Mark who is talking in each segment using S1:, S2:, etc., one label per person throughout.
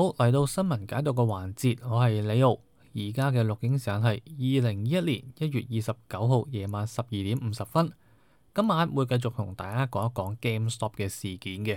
S1: 好，嚟到新聞解讀嘅環節，我係李奧，而家嘅錄影時間係二零二一年一月二十九號夜晚十二點五十分。今晚會繼續同大家講一講 GameStop 嘅事件嘅，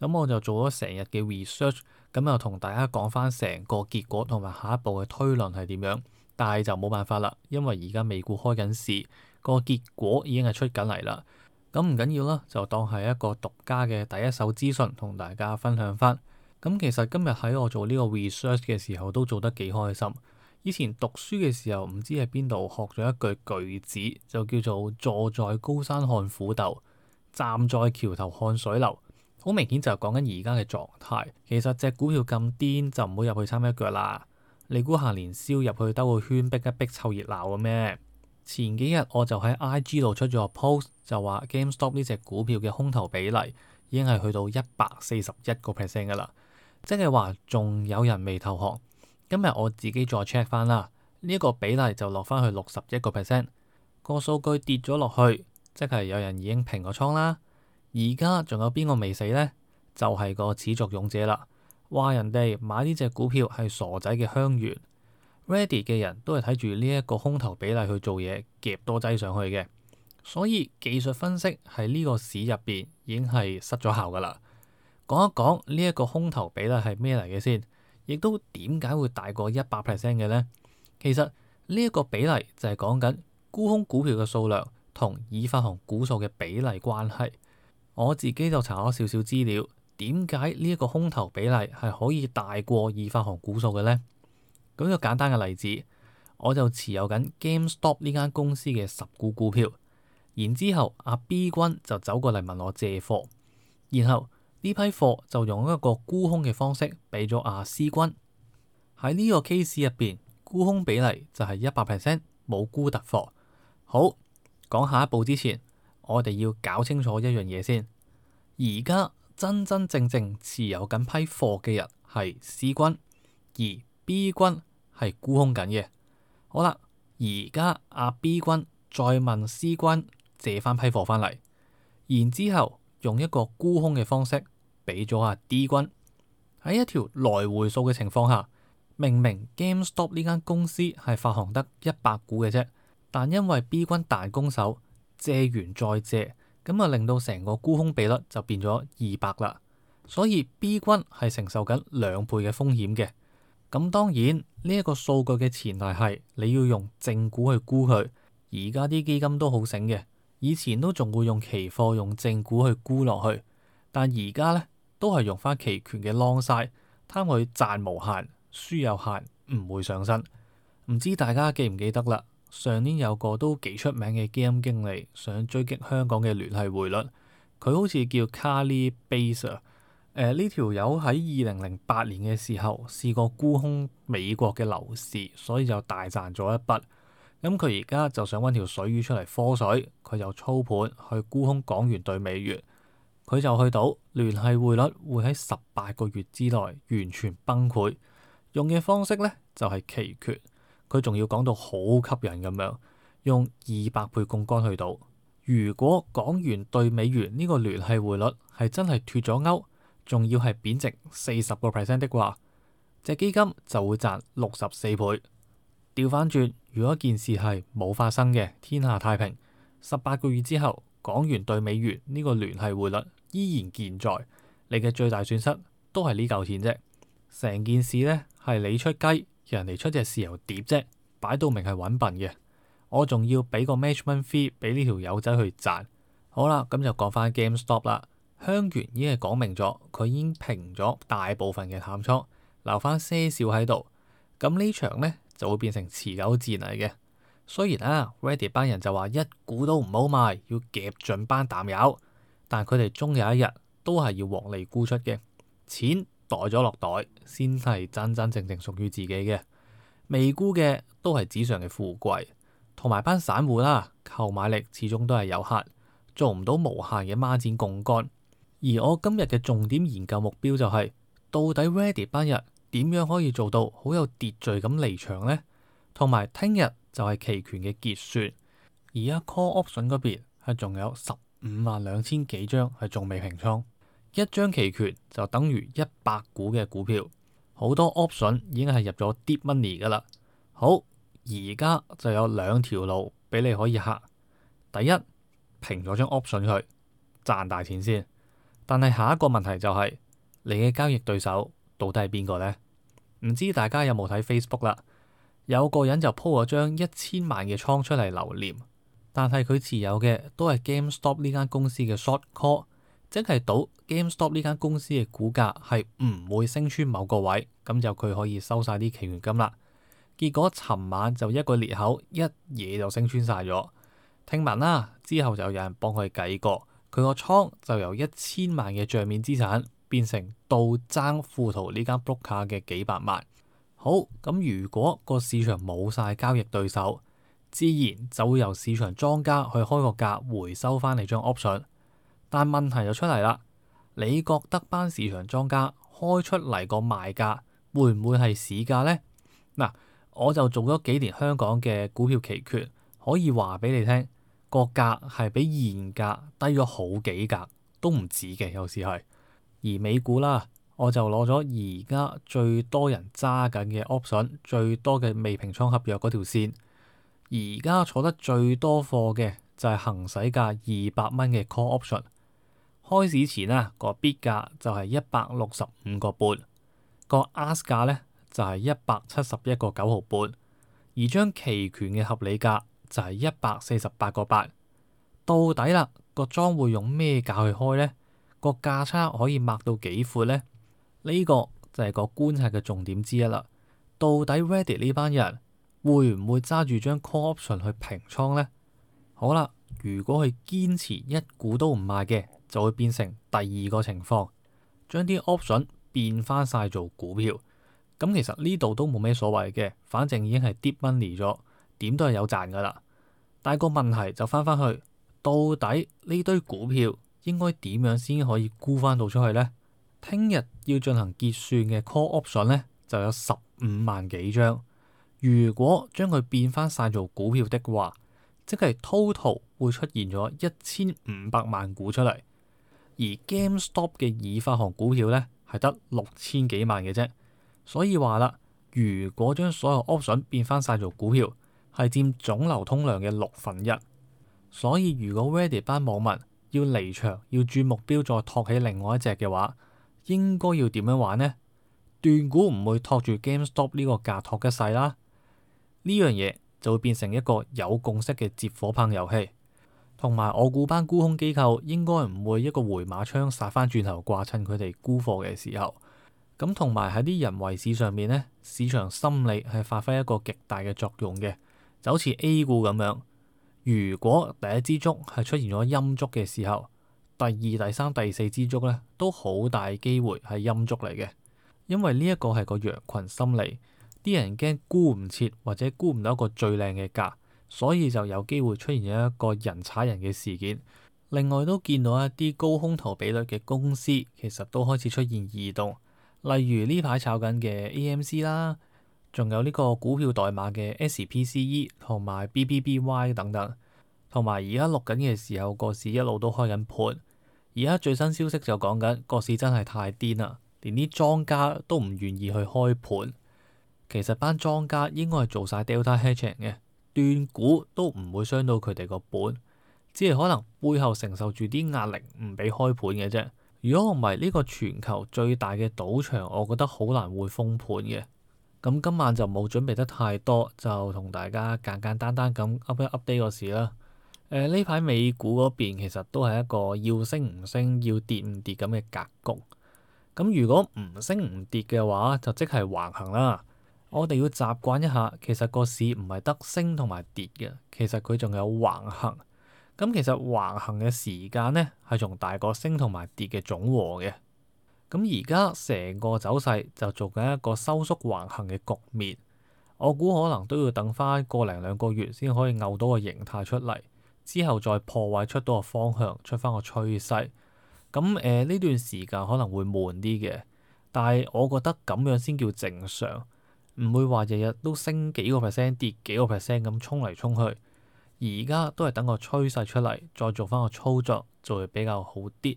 S1: 咁、嗯、我就做咗成日嘅 research，咁、嗯、又同大家講翻成個結果同埋下一步嘅推論係點樣，但係就冇辦法啦，因為而家美股開緊市，個結果已經係出緊嚟啦。咁、嗯、唔緊要啦，就當係一個獨家嘅第一手資訊同大家分享翻。咁其實今日喺我做呢個 research 嘅時候都做得幾開心。以前讀書嘅時候唔知喺邊度學咗一句句子，就叫做坐在高山看虎鬥，站在橋頭看水流。好明顯就係講緊而家嘅狀態。其實隻股票咁癲就唔好入去參一腳啦。你估下年宵入去兜個圈，逼一逼湊熱鬧嘅咩？前幾日我就喺 IG 度出咗個 post，就話 GameStop 呢隻股票嘅空頭比例已經係去到一百四十一個 percent 㗎啦。即係話仲有人未投降，今日我自己再 check 翻啦，呢、這個比例就落翻去六十一個 percent，個數據跌咗落去，即係有人已經平過倉啦。而家仲有邊個未死呢？就係、是、個始作俑者啦，話人哋買呢隻股票係傻仔嘅香源，Ready 嘅人都係睇住呢一個空頭比例去做嘢，夾多劑上去嘅，所以技術分析喺呢個市入邊已經係失咗效噶啦。講一講呢一個空頭比例係咩嚟嘅先，亦都點解會大過一百 percent 嘅咧？其實呢一個比例就係講緊沽空股票嘅數量同已發行股數嘅比例關係。我自己就查咗少少資料，點解呢一個空頭比例係可以大過已發行股數嘅咧？舉個簡單嘅例子，我就持有緊 GameStop 呢間公司嘅十股股票，然之後阿 B 君就走過嚟問我借貨，然後。呢批貨就用一個沽空嘅方式俾咗阿 C 君。喺呢個 case 入邊，沽空比例就係一百 percent，冇沽突貨。好，講下一步之前，我哋要搞清楚一樣嘢先。而家真真正正持有緊批貨嘅人係 C 君，而 B 君係沽空緊嘅。好啦，而家阿 B 君再問 C 君借翻批貨翻嚟，然之後。用一個沽空嘅方式，俾咗啊 D 軍。喺一條來回數嘅情況下，明明 GameStop 呢間公司係發行得一百股嘅啫，但因為 B 軍大攻手借完再借，咁啊令到成個沽空比率就變咗二百啦。所以 B 軍係承受緊兩倍嘅風險嘅。咁當然呢一個數據嘅前提係你要用正股去沽佢。而家啲基金都好醒嘅。以前都仲會用期貨、用正股去沽落去，但而家咧都係用翻期權嘅 long side，貪佢賺無限，輸有限，唔會上身。唔知大家記唔記得啦？上年有個都幾出名嘅基金經理，想追擊香港嘅聯繫匯率，佢好似叫 Kyle Bass。呢條友喺二零零八年嘅時候試過沽空美國嘅樓市，所以就大賺咗一筆。咁佢而家就想搵條水魚出嚟科水，佢就操盤去沽空港元對美元，佢就去到聯繫匯率會喺十八個月之內完全崩潰，用嘅方式咧就係、是、奇缺，佢仲要講到好吸引咁樣，用二百倍槓桿去到，如果港元對美元呢個聯繫匯率係真係脫咗鈎，仲要係貶值四十個 percent 的話，隻、那個、基金就會賺六十四倍。調翻轉，如果件事係冇發生嘅，天下太平。十八個月之後，港元對美元呢個聯繫匯率依然健在，你嘅最大損失都係呢嚿錢啫。成件事呢係你出雞，人哋出隻豉油碟啫，擺到明係揾笨嘅。我仲要俾個 matchment fee 俾呢條友仔去賺。好啦，咁就講翻 GameStop 啦。香櫞已經係講明咗，佢已經平咗大部分嘅淡倉，留翻些少喺度。咁呢場呢？就會變成持久戰嚟嘅。雖然啊，ready 班人就話一股都唔好賣，要夾准班啖油。但佢哋終有一日都係要獲利沽出嘅。錢袋咗落袋，先係真真正正屬於自己嘅。未沽嘅都係紙上嘅富貴，同埋班散戶啦，購買力始終都係有限，做唔到無限嘅孖展共干。而我今日嘅重點研究目標就係、是，到底 ready 班人。點樣可以做到好有秩序咁離場呢？同埋聽日就係期權嘅結算，而家 call option 嗰邊係仲有十五萬兩千幾張係仲未平倉，一張期權就等於一百股嘅股票，好多 option 已經係入咗 deep money 噶啦。好，而家就有兩條路俾你可以行，第一平咗張 option 佢賺大錢先，但係下一個問題就係、係、你嘅交易對手。到底係邊個呢？唔知大家有冇睇 Facebook 啦？有個人就 po 咗張一千萬嘅倉出嚟留念，但係佢持有嘅都係 GameStop 呢間公司嘅 short call，即係賭 GameStop 呢間公司嘅股價係唔會升穿某個位，咁就佢可以收晒啲期權金啦。結果尋晚就一個裂口，一嘢，就升穿晒咗。聽聞啦，之後就有人幫佢計過，佢個倉就由一千萬嘅賬面資產。變成到爭富途呢間 book 卡嘅幾百萬好。好咁，如果個市場冇晒交易對手，自然就會由市場莊家去開個價回收翻你張 option。但問題就出嚟啦，你覺得班市場莊家開出嚟個賣價會唔會係市價呢？嗱，我就做咗幾年香港嘅股票期權，可以話俾你聽，個價係比現價低咗好幾格，都唔止嘅，有時係。而美股啦，我就攞咗而家最多人揸緊嘅 option，最多嘅未平倉合約嗰條線。而家坐得最多貨嘅就係行使價二百蚊嘅 call option。開市前啊，個 bid 價就係一百六十五個半，個 ask 價咧就係一百七十一個九毫半，而張期權嘅合理價就係一百四十八個八。到底啦，個莊會用咩價去開呢？個價差可以擘到幾闊呢？呢、呢個就係個觀察嘅重點之一啦。到底 Reddit 呢班人會唔會揸住張 call option 去平倉呢？好啦，如果佢堅持一股都唔賣嘅，就會變成第二個情況，將啲 option 變翻晒做股票。咁其實呢度都冇咩所謂嘅，反正已經係 deep in the money 咗，點都係有賺噶啦。但係個問題就翻返去，到底呢堆股票，應該點樣先可以沽翻到出去呢？聽日要進行結算嘅 call option 咧，就有十五萬幾張。如果將佢變翻晒做股票的話，即係 total 會出現咗一千五百萬股出嚟。而 GameStop 嘅已發行股票咧係得六千幾萬嘅啫，所以話啦，如果將所有 option 變翻晒做股票，係佔總流通量嘅六分一。所以如果 Reddit 班網民。要離場，要轉目標再托起另外一隻嘅話，應該要點樣玩呢？斷估唔會托住 GameStop 呢個價托一世啦，呢樣嘢就會變成一個有共識嘅接火棒遊戲。同埋，我估班沽空機構應該唔會一個回馬槍殺翻轉頭掛，趁佢哋沽貨嘅時候。咁同埋喺啲人為市上面呢，市場心理係發揮一個極大嘅作用嘅，就好似 A 股咁樣。如果第一支燭係出現咗陰燭嘅時候，第二、第三、第四支燭咧都好大機會係陰燭嚟嘅，因為呢一個係個羊群心理，啲人驚沽唔切或者沽唔到一個最靚嘅價，所以就有機會出現咗一個人踩人嘅事件。另外都見到一啲高空頭比率嘅公司，其實都開始出現異動，例如呢排炒緊嘅 AMC 啦。仲有呢個股票代碼嘅 SPCE 同埋 BBBY 等等，同埋而家錄緊嘅時候，個市一路都開緊盤。而家最新消息就講緊個市真係太癲啦，連啲莊家都唔願意去開盤。其實班莊家應該係做晒 Delta Hedging 嘅斷估都唔會傷到佢哋個本，只係可能背後承受住啲壓力唔俾開盤嘅啫。如果唔係呢個全球最大嘅賭場，我覺得好難會封盤嘅。咁今晚就冇準備得太多，就同大家簡簡單單咁 update 一 update 個市啦。誒、呃，呢排美股嗰邊其實都係一個要升唔升，要跌唔跌咁嘅格局。咁如果唔升唔跌嘅話，就即係橫行啦。我哋要習慣一下，其實個市唔係得升同埋跌嘅，其實佢仲有橫行。咁其實橫行嘅時間咧，係從大個升同埋跌嘅總和嘅。咁而家成個走勢就做緊一個收縮橫行嘅局面，我估可能都要等翻個零兩個月先可以牛到個形態出嚟，之後再破壞出到個方向出個、呃，出翻個趨勢。咁誒呢段時間可能會悶啲嘅，但係我覺得咁樣先叫正常，唔會話日日都升幾個 percent、跌幾個 percent 咁衝嚟衝去。而家都係等個趨勢出嚟，再做翻個操作就會比較好啲。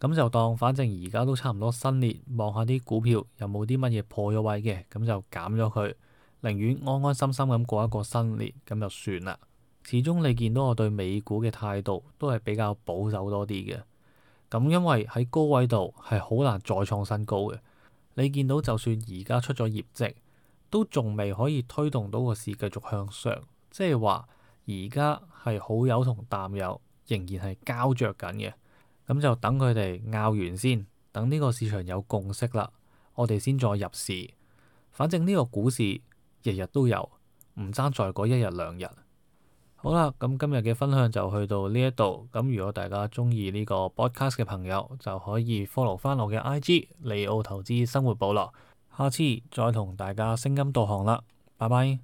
S1: 咁就當反正而家都差唔多新年，望下啲股票有冇啲乜嘢破咗位嘅，咁就減咗佢，寧願安安心心咁過一個新年咁就算啦。始終你見到我對美股嘅態度都係比較保守多啲嘅。咁因為喺高位度係好難再創新高嘅。你見到就算而家出咗業績，都仲未可以推動到個市繼續向上，即係話而家係好友同淡友，仍然係膠着緊嘅。咁就等佢哋拗完先，等呢個市場有共識啦，我哋先再入市。反正呢個股市日日都有，唔爭在嗰一日兩日。好啦，咁今日嘅分享就去到呢一度。咁如果大家鍾意呢個 podcast 嘅朋友，就可以 follow 翻我嘅 IG 利奧投資生活部落。下次再同大家聲音導航啦，拜拜。